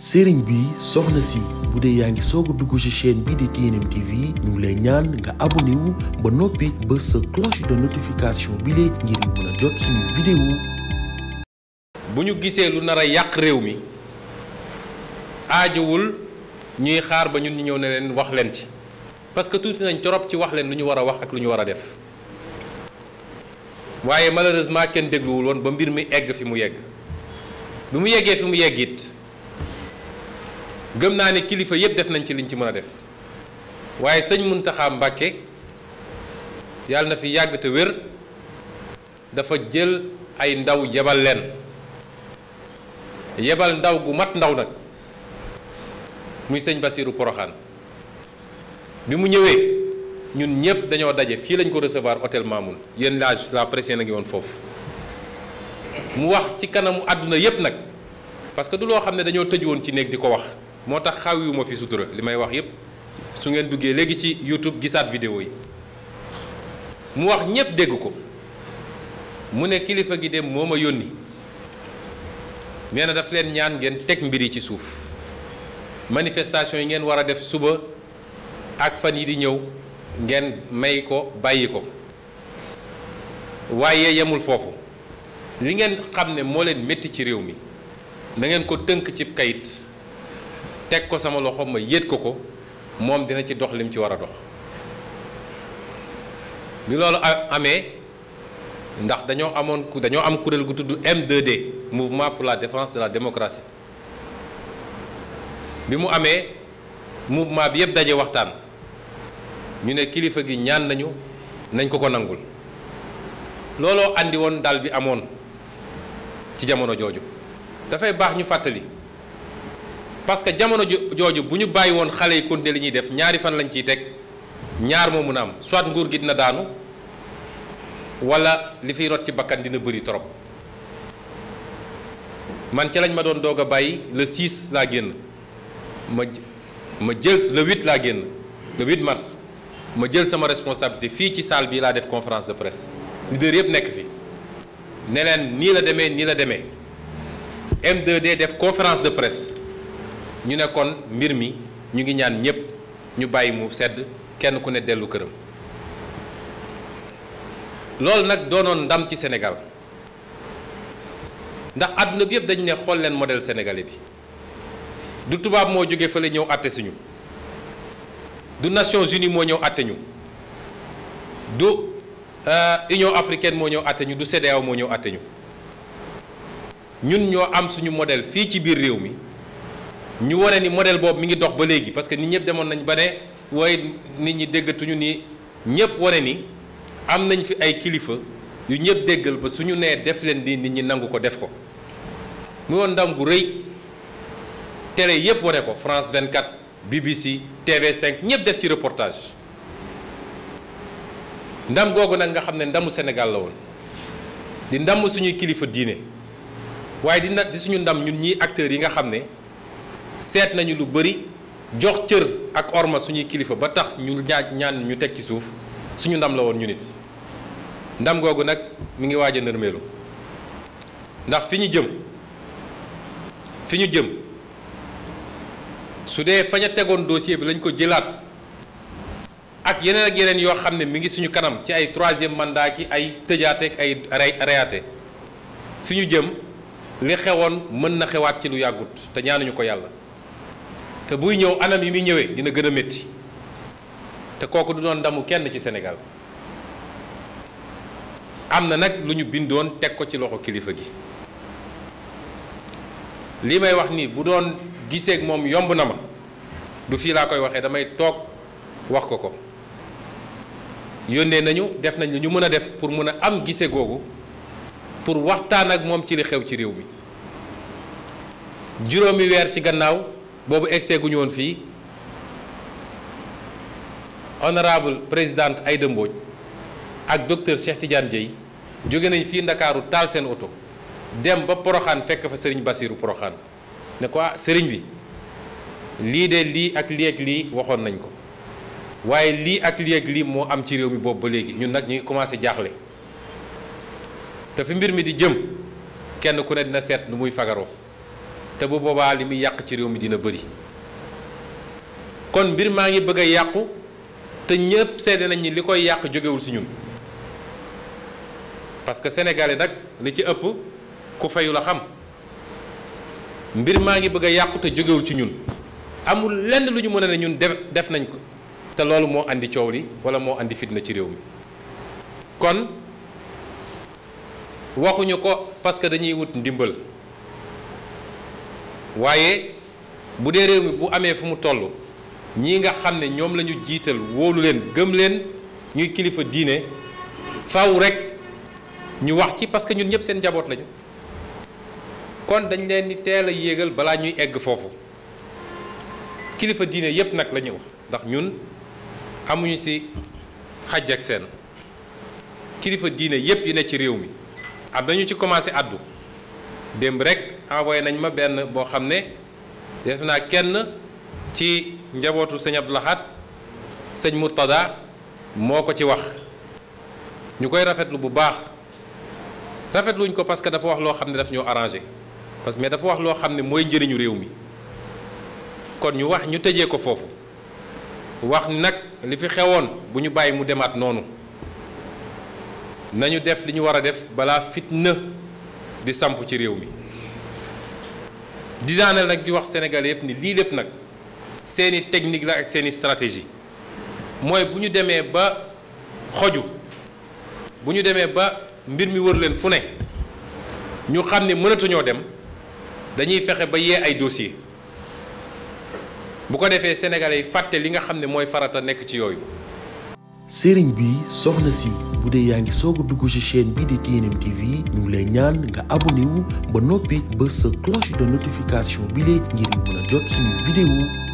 sëriñ bi soxna si bu yaa ngi soog a dugg ci chaîne bii di TNM TV ñu ngi lay ñaan nga abonné ba noppi ba sa cloche de notification bi la ngir mën jot suñu vidéo bu ñu gisee lu nar a yàq réew mi aajowul ñuy xaar ba ñun ñu ñëw ne leen wax leen ci parce que tuuti nañ torop ci wax leen lu ñu war a wax ak lu ñu war a def waaye malheureusement kenn dégluwul woon ba mbir mi egg fi mu yegg bi mu yeggee fi mu yegg gëm naa ne kilifa yëpp def nañ ci liñ ci mën a def waaye sëñ Muntaxa Mbàkke yàlla na fi yàgg te wér dafa jël ay ndaw yebal leen yebal ndaw gu mat ndaw nag muy sëñ Basiiru Poroxaan bi mu ñëwee ñun ñëpp dañoo daje fii lañ ko resevoir hôtel Mamoun yéen la la presse na ngi woon foofu mu wax ci kanamu àdduna yépp nag parce que du loo xam ne dañoo tëj woon ci néeg di ko wax moo tax xaw yu ma fi sutura li may wax yépp su ngeen duggee léegi ci YouTube gisaat vidéo yi mu wax ñépp dégg ko mu ne kilifa gi dem moo ma yónni nee na daf leen ñaan ngeen teg mbir yi ci suuf manifestation yi ngeen war a def suba ak fan yi di ñëw ngeen may ko bàyyi ko waaye yemul foofu li ngeen xam ne moo leen métti ci réew mi na ngeen ko tënk ci kayit teg ko sama loxo ma yët ko ko moom dina ci dox lim ci war a dox bi loolu amee ndax dañoo amoon dañoo am kuréel gu tudd M2D mouvement pour la défense de la démocratie bi mu amee mouvement bi daje waxtaan ñu ne kilifa gi ñaan nañu nañ ko ko nangul andi won dal bi amoon ci jamono jooju fateli. ñu parce que jamono joju buñu bayyi won xalé yi konte li liñuy def ñaari fan lañ ciy tek ñaar mo mu a soit nguur gi dina daanu wala li fi rot ci bakkan dina beuri trop man ci lañ ma doon doga bayyi le 6 la génn ma ma jël le 8 la génn le 8 mars ma jël sama responsabilité fi ci salle bi la def conférence de presse leader yëpp nek fi ne ni la démé ni la démé M2D def conférence de presse ñu nekkoon mbir mi ñu ngi ñaan ñépp ñu bàyyi mu sedd kenn ku ne dellu këram loolu nag doonoon ndam ci senegal ndax àdduna bi yëpp dañu ne xool leen modèle sénégalais bi du tubaab moo jóge fële ñëw àtte suñu du Nations Unies moo ñëw àtte ñu du euh, Union africain moo ñëw àtte ñu du CEDEAO moo ñëw àtte ñu ñun ñoo am suñu modèle fii ci biir réew mi ñu wane ni modèle boobu mu ngi dox ba léegi parce que nit ñëpp demoon nañ ba ne waaye nit ñi déggatuñu nii ñëpp wane ni am nañ fi ay kilifa yu ñëpp déggal ba suñu nee def leen di nit ñi nangu ko def ko mu woon ndam gu rëy télé yëpp wane ko France 24 BBC TV5 ñëpp def ci reportage ndam googu nag nga xam ne ndamu Sénégal la woon di ndam suñuy kilifa diine waaye di di suñu ndam ñu ñii acteurs yi nga xam ne seet nañu lu bari jox cër ak orma suñuy kilifa ba tax ñu ñaan ñaan ñu teg ci suuf suñu ndam la woon ñu nit ndam googu nag mi ngi waaj a nërmeelu ndax fi ñu jëm fi ñu jëm su dee fañ a tegoon dossier bi lañ ko jëlaat ak yeneen ak yeneen yoo xam ne mi ngi suñu kanam ci ay troisième mandat ki ay tëjaate ak ay reyaate fi ñu jëm li xewoon mën na xewaat ci lu yàggut te ñaanuñu ko yàlla te buy ñëw anam yi muy ñëwee dina gën a métti te kooku du doon ndamu kenn ci senegal am na nag lu ñu bindoon teg ko ci loxo kilifa gi li may wax nii bu doon giseeg moom yomb na ma du fii laa koy waxee damay toog wax ko ko yónnee nañu def nañ lu ñu mën a def pour mën a am gise googu pour waxtaan ak moom ci li xew ci réew mi juróomi weer ci gannaaw boobu egsee gu ñu woon fii honorable présidente ay Mbodj ak docteur Cheikh Tidiane Dieye jóge nañ fii Ndakaaru taal seen oto dem ba Poroxaan fekk fa sëriñ Bassirou Poroxaan ne ko ah Serigne bi lii de lii ak lii ak lii waxoon nañ ko waaye lii ak lii ak lii moo am ci réew mi boobu ba léegi ñun nag ñu ngi commencé jaaxle te fi mbir mi di jëm kenn ku ne dina seet nu muy fagaroo. te bu boobaa li muy yàq ci réew mi dina bëri kon mbir maa ngi bëgg a yàqu te ñëpp sedd nañ ni li koy yàq jógewul ci ñun parce que sénégalais nag li ci ëpp ku fayu la xam mbir maa ngi bëgg a yàqu te jógewul ci ñun amul lenn lu ñu mën a ne ñun def def nañ ko te loolu moo indi coow li wala moo andi fitna ci réew mi kon waxuñu ko parce que dañuy wut ndimbal waye bu de réew mi bu amé fumu tollu ñi nga xamné ne lañu la wolu len wóolu len gëm len ñuy kilifa diiné faaw rek ñu wax ci parce que ñun ñep seen jabot lañu kon dañ leen ni teel a bala ñuy egg fofu kilifa fudine yépp nak la wax ndax ñun amuñu ci xajj ak seen kilifa diiné yépp yu ne ci réew mi am nañu ci commencé addu dem rek envoyé nañ ma benn boo xam ne def naa kenn ci njabootu sëñ Abdou Lahad sëñ Murtada moo ko ci wax ñu koy rafetlu bu baax rafetluñ ko parce que dafa wax loo xam ne daf ñoo arrangé parce que mais dafa wax loo xam ne mooy njëriñu réew mi kon ñu wax ñu tëjee ko foofu wax nag li fi xewoon bu ñu bàyyi mu demaat noonu nañu def li ñu war a def balaa fitna di samp ci réew mi di daaneel nag di wax Sénégal yëpp ni lii lépp nag seeni technique la ak seeni stratégie mooy bu ñu demee ba xoju bu ñu demee ba mbir mi wër leen fu ne ñu xam ne mënatuñoo dem dañuy fexe ba yee ay dossier bu ko defee sénégalais yi fàtte li nga xam ne mooy farata nekk ci yooyu. sëriñ bi soxna si. bu dee sogo duggu ci chaîne bi di TNM TV ñu lay ñaan nga abonné wu ba nopi ba sa cloche de notification bi lé ngir mëna a jot suñu vidéo